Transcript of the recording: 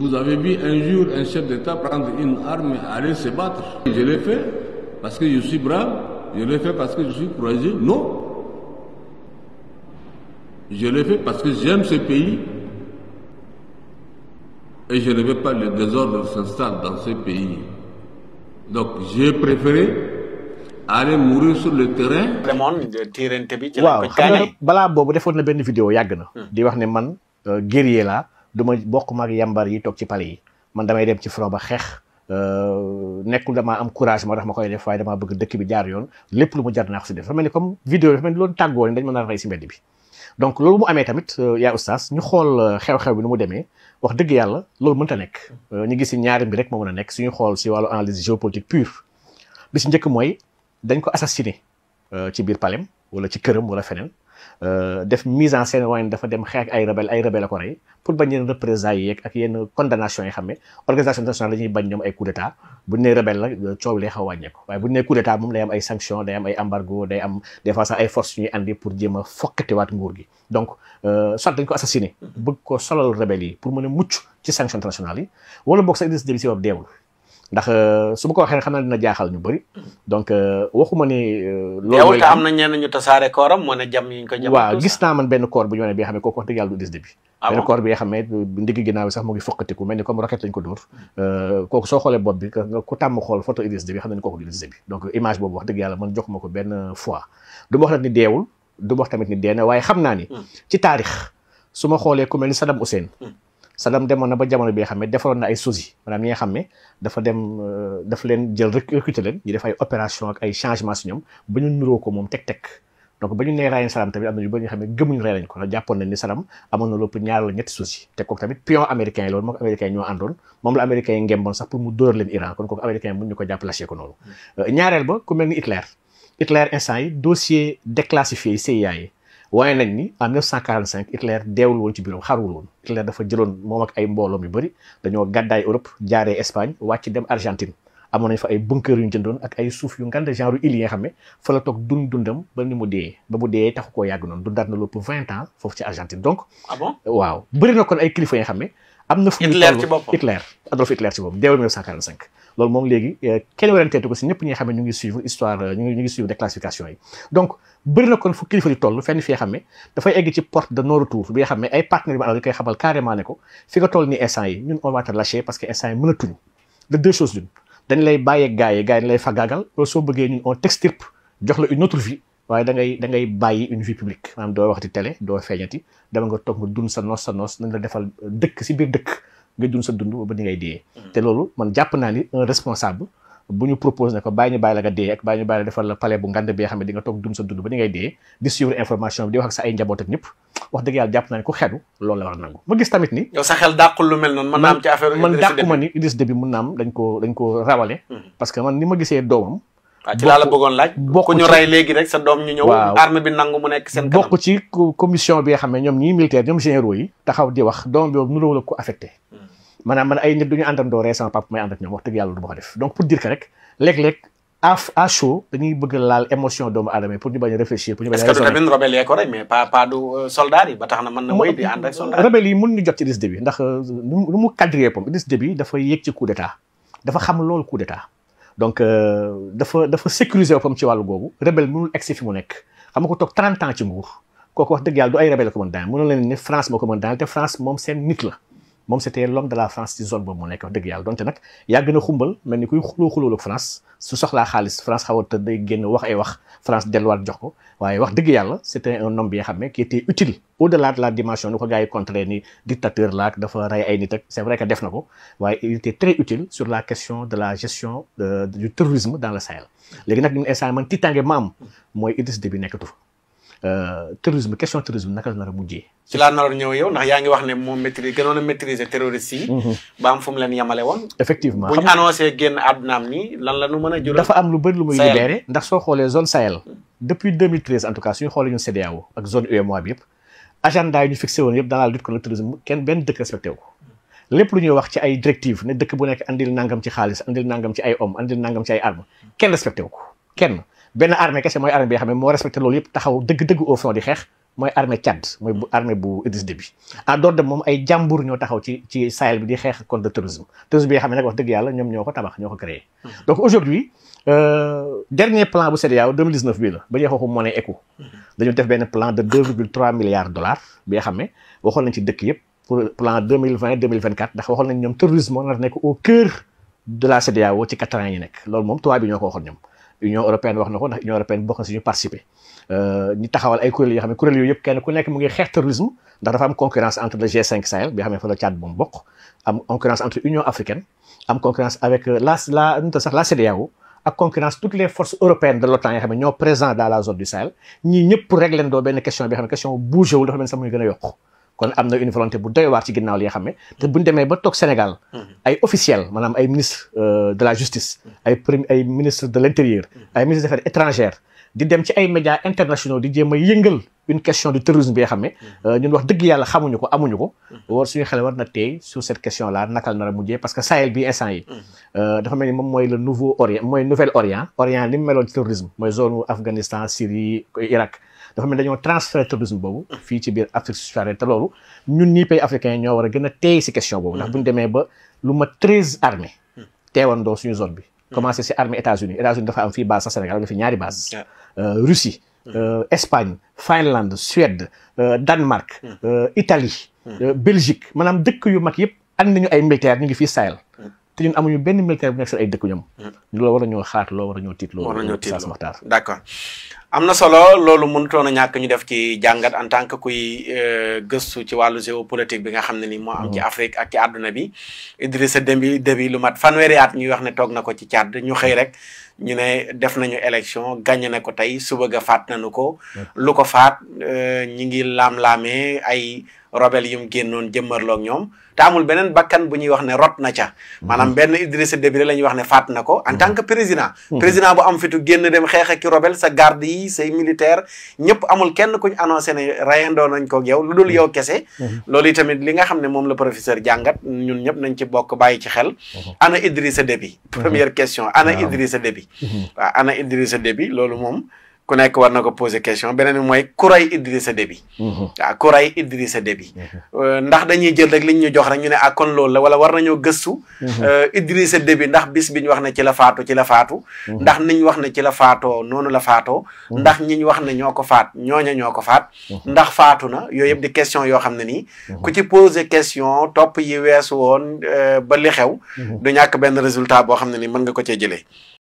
Vous avez vu un jour un chef d'État prendre une arme et aller se battre. Je l'ai fait parce que je suis brave, je l'ai fait parce que je suis courageux. Non. Je l'ai fait parce que j'aime ce pays et je ne veux pas le désordre s'installe dans ce pays. donc j'ai préféré aller mourir sur le terrain. demoon tiirante bi. ci lañ ko balaa boobu defoon na benn vidéo yàgg na. Hmm. di wax ne man euh, guerrier laa. du ma bokk mag yambar yi toog ci pale yi man damay dem ci front ba xeex euh, nekkul damaa am courage moo ma koy def waaye damaa bëgg dëkk bi jaar yoon lépp lu mu jar naa ko si def dafa mel ni comme vidéo dafa mel ni loolu tàggoo ni dañ mën a rey si mbedd bi donc loolu mu amee tamit euh, yaa oustaz ñu xool euh, xew-xew bi nu mu demee wax dëgg yàlla loolu mënta nekk ñu gis si ñaari bi rek moo mën a nekk suñu xool si wàllu analyse géopolitique pure bi si njëkk mooy dañ ko assassiné ci biir palem wala ci këram wala feneen Euh, def mise en scène waaye dafa dem xeex ay rebelle ay rebelle la rey pour bañ leen représailles yeeg ak yenn condamnation yi xam organisation internationale dañuy bañ ñoom ay coup d'état buñ nee rebelle la euh, coow lay xaw a wàññeeku waaye buñ nee coup d'état moom day am ay sanctions day am ay embargo day am des sax ay forces ñuy andi pour jéem a fokkatiwaat nguur gi donc euh, soit dañ ko assassiné mm-hmm. bëgg ko solal rebelle yi pour mën a mucc ci sanctions internationales yi ndax euh, su ma ko waxee xam naa dina jaaxal ñu bëri donc euh, waxuma ni euh, loolu te na ñenn ñu tasaare kooram moo ne jam yi ñu ko jam gis naa man benn koor bu ñu wane bi nga xam ne kooku wax dëgg yàlla du dis ah début ni xool photo Idriss Déby xam ne ko benn fois du ma wax deewul du wax tamit ni dee na waaye xam naa ni hmm. ci taarix su ma xoolee ku mel ni Saddam Hussein hmm. sagam demoon na ba jamono bi nga xam na ay sosi maanaam ñi nga xam ne dafa dem euh, dafa leen jël recruter leen ñu def ay opération ak ay changement si ñoom ba ñu nuroo ko moom teg-teg donc ba ñu nee raayin xam ne gëmuñu rey nañ ko ndax jàppoon nañ ni salam amoon na lopp ñaar la ñetti sosi te kooku tamit pion américain yi loolu moo ko américain yi ñoo àndoon moom la américain yi ngemboon sax pour mu dóor leen Iran kon kooku américain mun ñu ko jàpp lâché ko noonu hmm. euh, ñaareel ba ku mel ni Hitler Hitler instant yi dossier déclassifié yi waaye nañ ni en 1945 Hitler deewul woon ci bureau xaruloon woon Hitler dafa jëloon moom ak ay mbooloom yu bëri dañoo gàddaay Europe jaaree Espagne wàcc dem Argentine amoon nañ fa ay bunker yu ñu jëndoon ak ay suuf yu ngand genre île yi nga xam ne fa la toog dund dundam ba ni mu dee ba mu dee taxu ko yàgg noonu dundaat na lépp vingt ans foofu ci Argentine donc. ah bon waaw bëri na ay kilifa yi nga xam ne. am na fu ñu leer ci boppam Hitler Adolf Hitler ci boppam deewul 1945 loolu moom léegi euh, kenn waranteetu ko si ñëpp ñi nga xam ne ñu ngi suivre histoire euh, ñu ngi ñu ngi suivre yi donc bëri kon fu kilifa di toll fenn fi nga dafay egg ci porte de non retour bi nga ay partenaires yu ma àndal koy xamal carrément ne ko fi nga toll nii instant yi ñun on va te parce que instant yi mënatuñu de deux choses l'une dañ lay bàyyeeg gars yi gars lay fagaagal loolu soo bëggee ñun on t'extirpe jox la waaye da ngay da bàyyi une vie publique maanaam doo waxati télé doo feeñati dama nga toog nga dund sa noos sa noos nañ la defal dëkk si biir dëkk nga dund sa dund ba ni ngay dee. Hmm. te loolu man jàpp naa ni un responsable bu ñu ko bàyyi ñu bàyyi la nga dee ak bàyyi ñu bàyyi la defal la palais bu ngand bi nga xam ne di nga toog dund sa dund ba ni ngay dee di suivre information bi di wax ak sa ay njaboot ak wax dëgg yàlla jàpp naa ni ku xelu loolu la war a nangu ma gis tamit ni yow sa xel dàqul lu mel noonu mën naa am ci affaire man dàqu ma ni Idriss dañ ko dañ ko rawale hmm. parce que man ni ma gisee doomam waaw ah, ci laa la bëggoon laaj. bokk ku ñu rey léegi rek sa doom ñu ñëw. waaw arme bi nangu mu nekk seen kanam. bokk ci commission bi nga xam ne ñoom ñii militaire ñoom généraux yi. taxaw di wax doom boobu niróo la hmm. maanaam man nit du ñu àndandoo rek ñoom wax dëgg yàlla du ma ko def donc pour dire que rek léeg-léeg à à dañuy bëgg laal émotion doomu aadama yi pour ñu bañ a réfléchir pour ñu bañ a raisonner est euh, na mën na wéy di ànd ak soldat rebelle yi mën ñu jot euh, dafa yëg ci coup d'état dafa xam loolu de d'état donc euh, dafa dafa sécuriser boppam ci wàllu googu rebelle mënul egsi fi mu nekk xam ko toog 30 ans ci nguur kooku wax dëgg yàlla du ay rebelle ko mën daan mënul leen ne France moo ko mën daan te France moom seen nit la moom c'était l'homme de la France ci zone boobu mu nekk dëgg yàlla donte nag yaa gën a xumbal mel ni kuy xuloo xulool ak France su soxlaa xaalis France xaw a tëdd day génn wax ay wax France delluwaat jox ko waaye wax dëgg yàlla c'était un homme bi nga xam était utile au de la dimension ni ko gars yi contré ni dictateur laak dafa rey ay nit ak c'est vrai que def na ko waaye il était très utile sur la question de la gestion du terrorisme dans le Sahel Euh, terrorisme question terrorisme naka la nar a mujjee. ci laa naroon ñëw yow ndax yaa ngi wax ne moom maîtrise gënoon a maîtriser terroriste yi. Mhm. ba am fu leen yemale woon. effectivement bu ñu annoncé génn àddunaam nii lan la nu mën a jural. dafa am lu bëri lu muy libéré ndax soo xoolee zone Sahel. depuis 2013 en tout cas suñu xoolee ñun CEDEAO ak zone UEMOA bi yëpp agenda yi ñu fixé woon yëpp dans la lutte contre le terrorisme kenn benn dëkk respecté ko. lépp lu ñuy wax ci ay directive ne dëkk bu nekk andil nangam ci xaalis andil nangam ci ay homme andil nangam ci ay armes kenn respecté ko kenn benn armée kese mooy armée bi nga xam moo respecté loolu yëpp taxaw dëgg-dëgg au front di xeex mooy armée Tchad mooy bu armée bu Idriss Déby en dehors de moom ay jàmbur ñoo taxaw ci ci Sahel bi di xeex contre le terrorisme bi nga xam ne nag wax dëgg yàlla ñoom ñoo ko tabax ñoo ko créé hmm. donc aujourd'hui Euh, hmm. dañu def benn plan de 2,3 milliards bi nga xam ne waxoon nañ ci dëkk yëpp plan ndax waxoon nañ ñoom terrorisme moo nar nekk au cœur de la ci quatre yi union européenne wax na ko ndax union européenne bokk na si ñu participer euh, ñu taxawal ay kuréel yoo xam ne yooyu yëpp kenn ku nekk mu ngi xeex terrorisme ndax dafa am concurrence entre le G5 bi nga fa la Tchad moom bokk am concurrence entre union africaine am concurrence avec euh, la la nu sax la CEDEAO ak concurrence toutes les forces européennes de l'OTAN yoo xam ñoo présent dans la du Sahel ñii ñëpp pour régler doo benn question kon am na une bu doy waar ci ginnaaw li nga xam ne te buñu demee ba toog Sénégal mhm. ay officiel maanaam ay ministre euh, de la justice ay premier ay ministre de l' intérieur ay ministre des affaires di dem ci ay médias internationaux di jéem a yëngal une question du terrorisme bi nga xam ne euh, ñun wax dëgg yàlla xamuñu ko amuñu ko mm-hmm. war suñu xel war na teey sur cette question là nakal nar a mujjee parce que Sahel bi instant yi mm-hmm. euh, dafa mel ni moom mooy le nouveau orient mooy nouvel orient orient li mu meloon ci terrorisme mooy zone Afghanistan Syrie Irak dafa mel dañoo transféré terrorisme boobu fii ci biir Afrique subsaharienne te loolu ñun ñii pays africain ñoo war a gën a teey si question boobu ndax bu ñu demee ba lu ma treize armées mm-hmm. teewandoo suñu zone bi Hmm. commencé si armée États-Unis États-Unis dafa am fi base sax Sénégal am na fi ñaari base euh, Russie hmm. euh, Espagne Finlande Suède euh, Danemark hmm. Italie Belgique maanaam dëkk yu mag yëpp ànd nañu ay militaire ñu ngi fii Sahel te ñun amuñu benn militaire bu nekk seen ay dëkk ñoom loolu war nañoo xaar loolu war nañoo tiit loolu war a tiit loolu d' accord am na solo loolu mënutoon a ñàkk ñu def ci jàngat en tant que kuy euh, gëstu ci wàllu politique bi nga xam ne ni moo am ci mm. Afrique ak ci àdduna bi Idrissa Déby Déby lu mat fanweeri at ñuy wax ne toog na ko ci Tchad ñu xëy rek ñu ne def nañu élection gàññ ne ko tey suba ga faat nañu ko mm. lu ko faat euh, ñi ngi laam-laamee ay robel yum génnoon jëmmarloog ñoom te amul beneen bakkan bu ñuy wax ne rot na ca mm-hmm. maanaam benn Idrissa Déby la ñuy wax ne faat na ko en mm. tant que président mm-hmm. garde yi say militaire ñëpp amul kenn kuñ annoncé ne rayandoo nañ ko yow lu dul yow mm-hmm. kese mm-hmm. loolu yi tamit li nga xam ne moom la professeur jàngat ñun ñëpp nañ ci bokk bàyyi ci xel mm-hmm. ana Idrissa Déby première question ana ah. Idrissa Déby waaw ana Idrissa Déby loolu moom ku nekk war na ko poser question beneen bi mooy ku roy Idrissa Déby mhm. waaw ku roy Idrissa Déby mhm. euh, ndax dañuy jël rek li ñu jox rek ñu ne ah kon loolu la wala war nañoo gëstu mhm. euh, Idrissa Déby ndax bis bi ñu wax ne ci la faatu ci la faatu ndax niñ wax ne ci la faatoo noonu la faatoo ndax ñiñ wax ne ñoo ko faat ñooña ñoo ko faat ndax faatu na yooyu yëpp di question yoo xam ne nii ku ci poser question topp yi weesu woon euh, ba li xew du ñàkk benn résultat boo xam ne nii mën nga ko cee jëlee